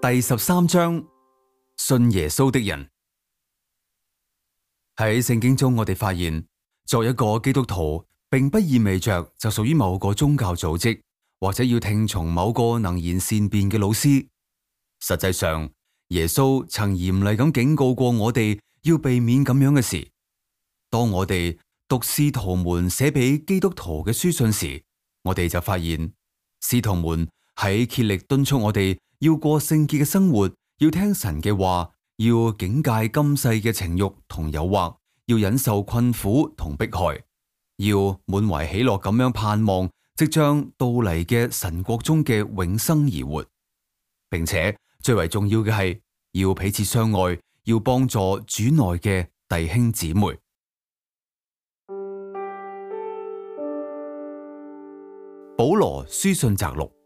第十三章，信耶穌的人。喺聖經中，我哋發現作一個基督徒，並不意味着就屬於某個宗教組織，或者要聽從某個能言善辯嘅老師。實際上，耶穌曾嚴厲咁警告過我哋，要避免咁樣嘅事。當我哋讀使徒們寫俾基督徒嘅書信時，我哋就發現使徒們喺竭力敦促我哋。要過聖潔嘅生活，要聽神嘅話，要警戒今世嘅情欲同誘惑，要忍受困苦同迫害，要滿懷喜樂咁樣盼望即將到嚟嘅神國中嘅永生而活，並且最為重要嘅係要彼此相愛，要幫助主內嘅弟兄姊妹。保羅書信摘錄。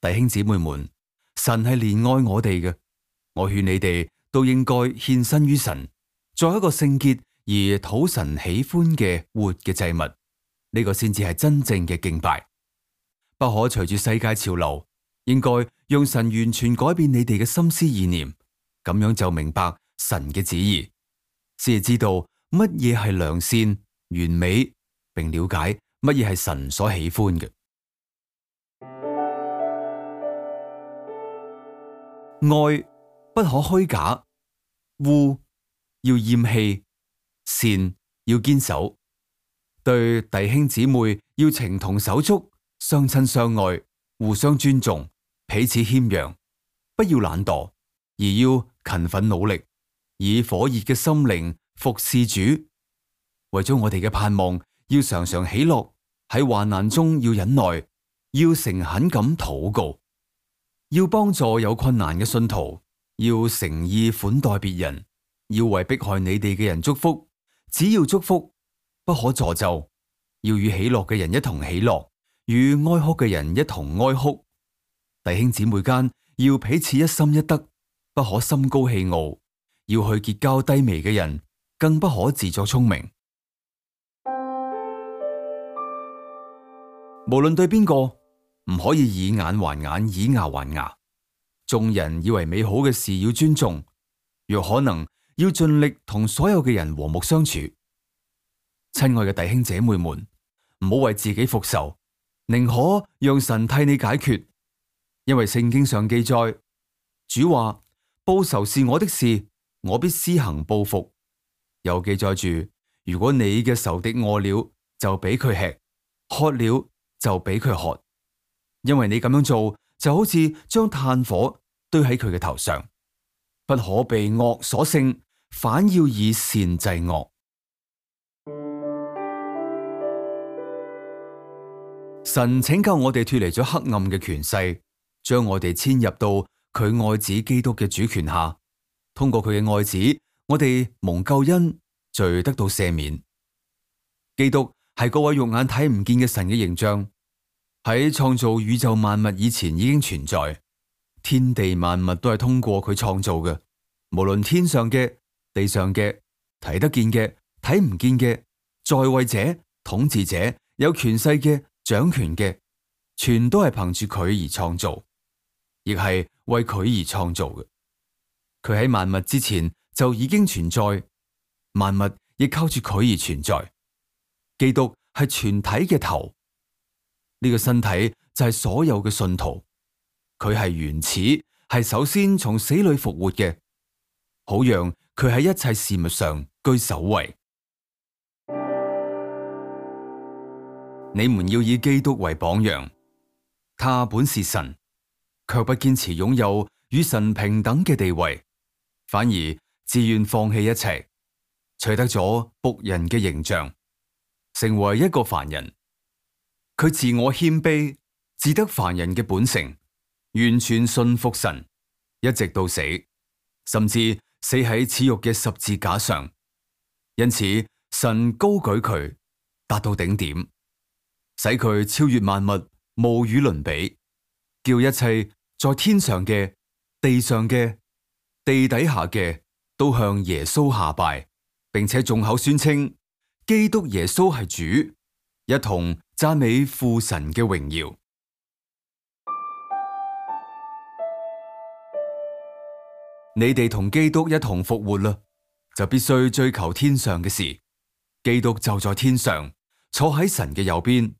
弟兄姊妹們，神係憐愛我哋嘅，我勸你哋都應該獻身於神，做一個聖潔而討神喜歡嘅活嘅祭物，呢個先至係真正嘅敬拜。不可隨住世界潮流，應該讓神完全改變你哋嘅心思意念，咁樣就明白神嘅旨意，先至知道乜嘢係良善、完美，並了解乜嘢係神所喜歡嘅。愛不可虛假，污要厭棄，善要堅守。對弟兄姊妹要情同手足，相親相愛，互相尊重，彼此謙讓。不要懶惰，而要勤奮努力，以火熱嘅心靈服侍主。為咗我哋嘅盼望，要常常喜樂。喺患難中要忍耐，要誠懇咁禱告。要幫助有困難嘅信徒，要誠意款待別人，要為迫害你哋嘅人祝福。只要祝福，不可咒詛。要與喜樂嘅人一同喜樂，與哀哭嘅人一同哀哭。弟兄姊妹間要彼此一心一德，不可心高氣傲。要去結交低微嘅人，更不可自作聰明。無論對邊個。唔可以以眼還眼，以牙還牙。眾人以為美好嘅事要尊重，若可能要盡力同所有嘅人和睦相處。親愛嘅弟兄姐妹們，唔好為自己復仇，寧可讓神替你解決。因為聖經上記載，主話報仇是我的事，我必施行報復。又記載住，如果你嘅仇敵餓了，就俾佢吃；渴了就俾佢喝。因為你咁樣做，就好似將炭火堆喺佢嘅頭上，不可被惡所勝，反要以善制惡。神拯救我哋脱離咗黑暗嘅權勢，將我哋遷入到佢愛子基督嘅主權下。通過佢嘅愛子，我哋蒙救恩，罪得到赦免。基督係嗰位肉眼睇唔見嘅神嘅形象。喺創造宇宙萬物以前已經存在，天地萬物都係通過佢創造嘅。無論天上嘅、地上嘅、睇得見嘅、睇唔見嘅，在位者、統治者、有權勢嘅、掌權嘅，全都係憑住佢而創造，亦係為佢而創造嘅。佢喺萬物之前就已經存在，萬物亦靠住佢而存在。基督係全體嘅頭。呢個身體就係所有嘅信徒，佢係原始，係首先從死裏復活嘅，好讓佢喺一切事物上居首位。 你們要以基督為榜樣，他本是神，卻不堅持擁有與神平等嘅地位，反而自願放棄一切，取得咗僕人嘅形象，成為一個凡人。佢自我謙卑，自得凡人嘅本性，完全信服神，一直到死，甚至死喺恥辱嘅十字架上。因此，神高舉佢達到頂點，使佢超越萬物，無與倫比，叫一切在天上嘅、地上嘅、地底下嘅，都向耶穌下拜，並且眾口宣稱基督耶穌係主，一同。讚美父神嘅榮耀，你哋同基督一同復活啦，就必須追求天上嘅事。基督就在天上，坐喺神嘅右邊。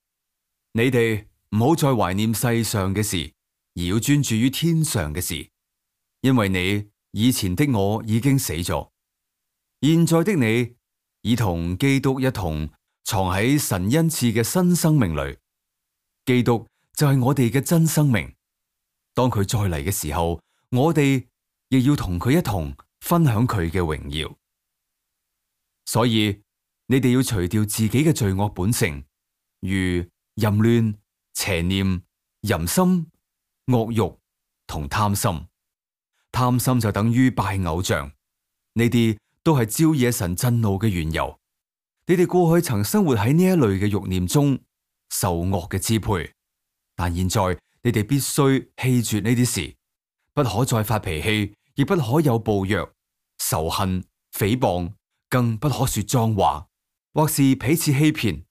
你哋唔好再懷念世上嘅事，而要專注於天上嘅事，因為你以前的我已經死咗，現在的你已同基督一同。藏喺神恩賜嘅新生命裏，基督就係我哋嘅真生命。當佢再嚟嘅時候，我哋亦要同佢一同分享佢嘅榮耀。所以你哋要除掉自己嘅罪惡本性，如淫亂、邪念、淫心、惡欲同貪心。貪心就等於拜偶像，呢啲都係招惹神震怒嘅緣由。你哋過去曾生活喺呢一類嘅欲念中，受惡嘅支配，但現在你哋必須棄絕呢啲事，不可再發脾氣，亦不可有暴虐、仇恨、誹謗，更不可說髒話，或是彼此欺騙。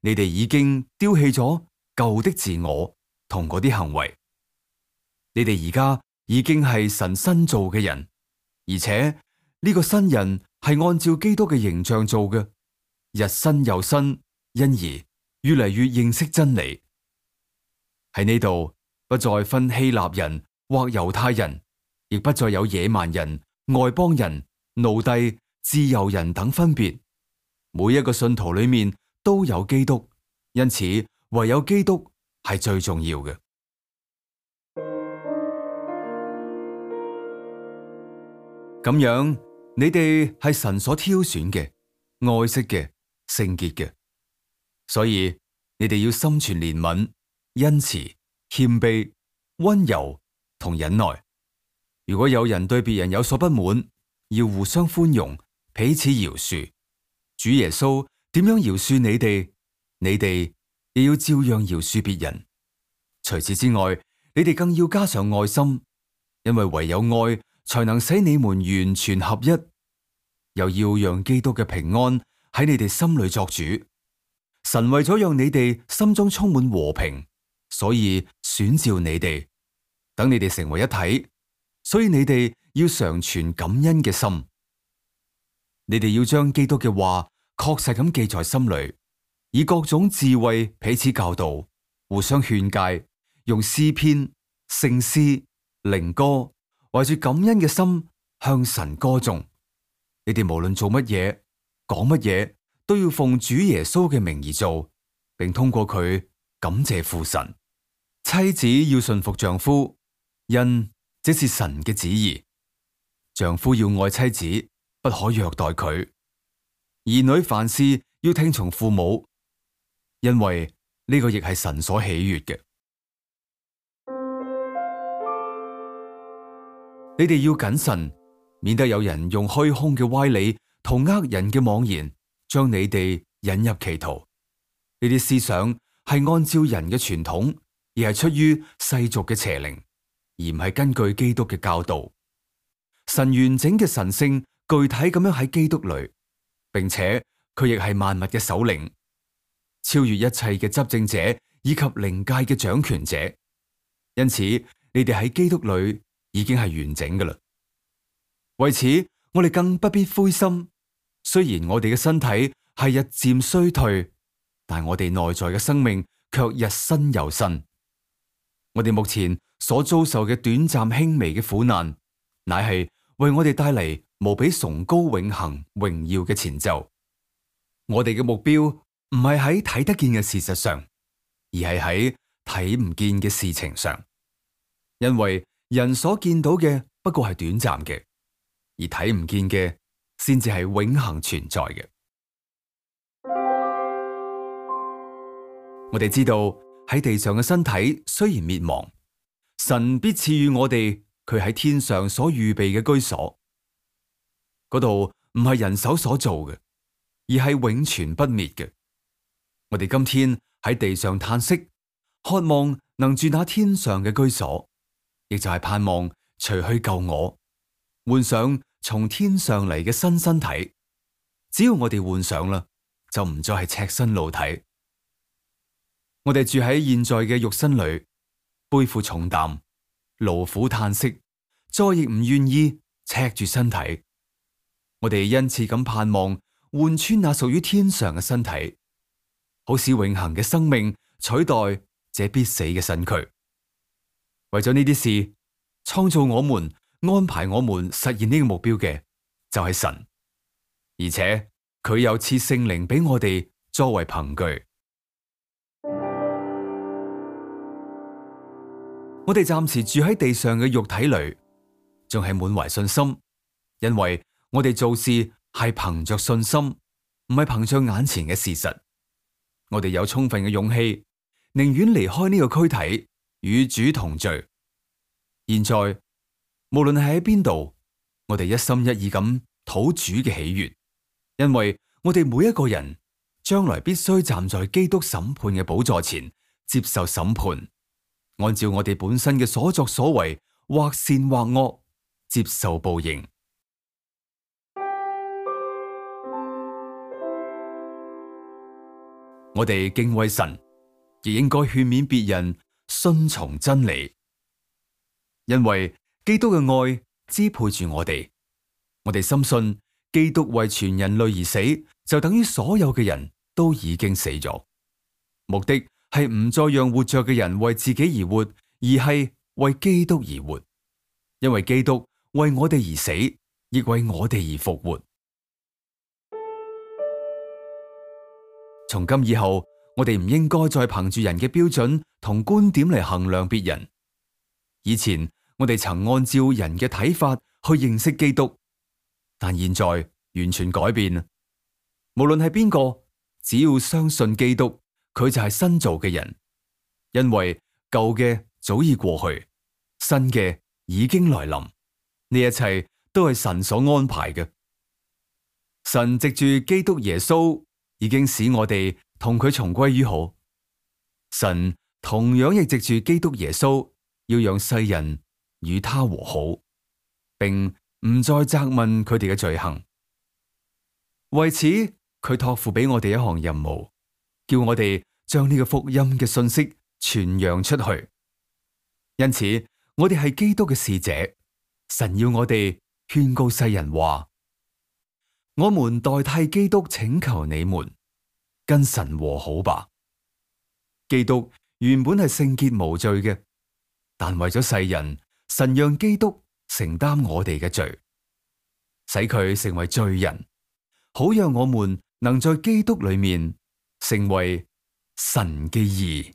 你哋已經丟棄咗舊的自我同嗰啲行為，你哋而家已經係神新造嘅人，而且呢個新人係按照基督嘅形象做嘅。日新又新，因而越嚟越認識真理。喺呢度，不再分希臘人或猶太人，亦不再有野蠻人、外邦人、奴隸、自由人等分別。每一個信徒裏面都有基督，因此唯有基督係最重要嘅。咁樣，你哋係神所挑選嘅、愛惜嘅。聖潔嘅，所以你哋要心存憐憫、恩慈、謙卑、温柔同忍耐。如果有人對別人有所不滿，要互相寬容，彼此饒恕。主耶穌點樣饒恕你哋？你哋亦要照樣饒恕別人。除此之外，你哋更要加上愛心，因為唯有愛才能使你們完全合一，又要讓基督嘅平安。喺你哋心裏作主，神為咗讓你哋心中充滿和平，所以選召你哋，等你哋成為一體。所以你哋要常存感恩嘅心，你哋要將基督嘅話確實咁記在心裏，以各種智慧彼此教導，互相勸誡，用詩篇、聖詩、靈歌，懷住感恩嘅心向神歌頌。你哋無論做乜嘢，講乜嘢都要奉主耶穌嘅名而做，並通過佢感謝父神。妻子要順服丈夫，因這是神嘅旨意。丈夫要愛妻子，不可虐待佢。兒女凡事要聽從父母，因為呢個亦係神所喜悦嘅。 你哋要謹慎，免得有人用虛空嘅歪理。同呃人嘅妄言，將你哋引入歧途。呢啲思想係按照人嘅傳統，而係出於世俗嘅邪靈，而唔係根據基督嘅教導。神完整嘅神性，具體咁樣喺基督裏，並且佢亦係萬物嘅首領，超越一切嘅執政者以及靈界嘅掌權者。因此，你哋喺基督裏已經係完整㗎喇。為此，我哋更不必灰心。雖然我哋嘅身體係日漸衰退，但我哋內在嘅生命卻日新又新。我哋目前所遭受嘅短暫輕微嘅苦難，乃係為我哋帶嚟無比崇高永恒榮耀嘅前奏。我哋嘅目標唔係喺睇得見嘅事實上，而係喺睇唔見嘅事情上，因為人所見到嘅不過係短暫嘅，而睇唔見嘅，先至係永恒存在嘅。我哋知道喺地上嘅身體雖然滅亡，神必賜予我哋佢喺天上所預備嘅居所。嗰度唔係人手所做嘅，而係永存不滅嘅。我哋今天喺地上嘆息，渴望能住那天上嘅居所，亦就係盼望除去救我，換上。從天上嚟嘅新身體，只要我哋換上啦，就唔再係赤身露體。我哋住喺現在嘅肉身裏，背負重擔，勞苦嘆息，再亦唔願意赤住身體。我哋因此咁盼望換穿那屬於天上嘅身體，好使永恒嘅生命取代這必死嘅身軀。為咗呢啲事，創造我們安排我們實現呢個目標嘅就係神，而且佢又賜聖靈俾我哋作為憑據。 我哋暫時住喺地上嘅肉體裏，仲係滿懷信心，因為我哋做事係憑着信心，唔係憑着眼前嘅事實。我哋有充分嘅勇氣，寧願離開呢個軀體，與主同聚。現在。無論係喺邊度，我哋一心一意咁討主嘅喜悅，因為我哋每一個人將來必須站在基督審判嘅寶座前接受審判，按照我哋本身嘅所作所為，或善或惡，接受報應。 我哋敬畏神，亦應該勸勉別人順從真理，因為。基督嘅愛支配住我哋，我哋深信基督為全人類而死，就等於所有嘅人都已經死咗。目的係唔再讓活着嘅人為自己而活，而係為基督而活。因為基督為我哋而死，亦為我哋而復活。從今以後，我哋唔應該再憑住人嘅標準同觀點嚟衡量別人。以前。我哋曾按照人嘅睇法去認識基督，但現在完全改變。無論係邊個，只要相信基督，佢就係新造嘅人。因為舊嘅早已過去，新嘅已經來臨。呢一切都係神所安排嘅。神藉住基督耶穌，已經使我哋同佢重歸於好。神同樣亦藉住基督耶穌，要讓世人。與他和好，並唔再責問佢哋嘅罪行。為此，佢托付俾我哋一項任務，叫我哋將呢個福音嘅信息傳揚出去。因此，我哋係基督嘅使者，神要我哋勸告世人話：我們代替基督請求你們跟神和好吧。基督原本係聖潔無罪嘅，但為咗世人。神讓基督承擔我哋嘅罪，使佢成為罪人，好讓我們能在基督裏面成為神嘅義。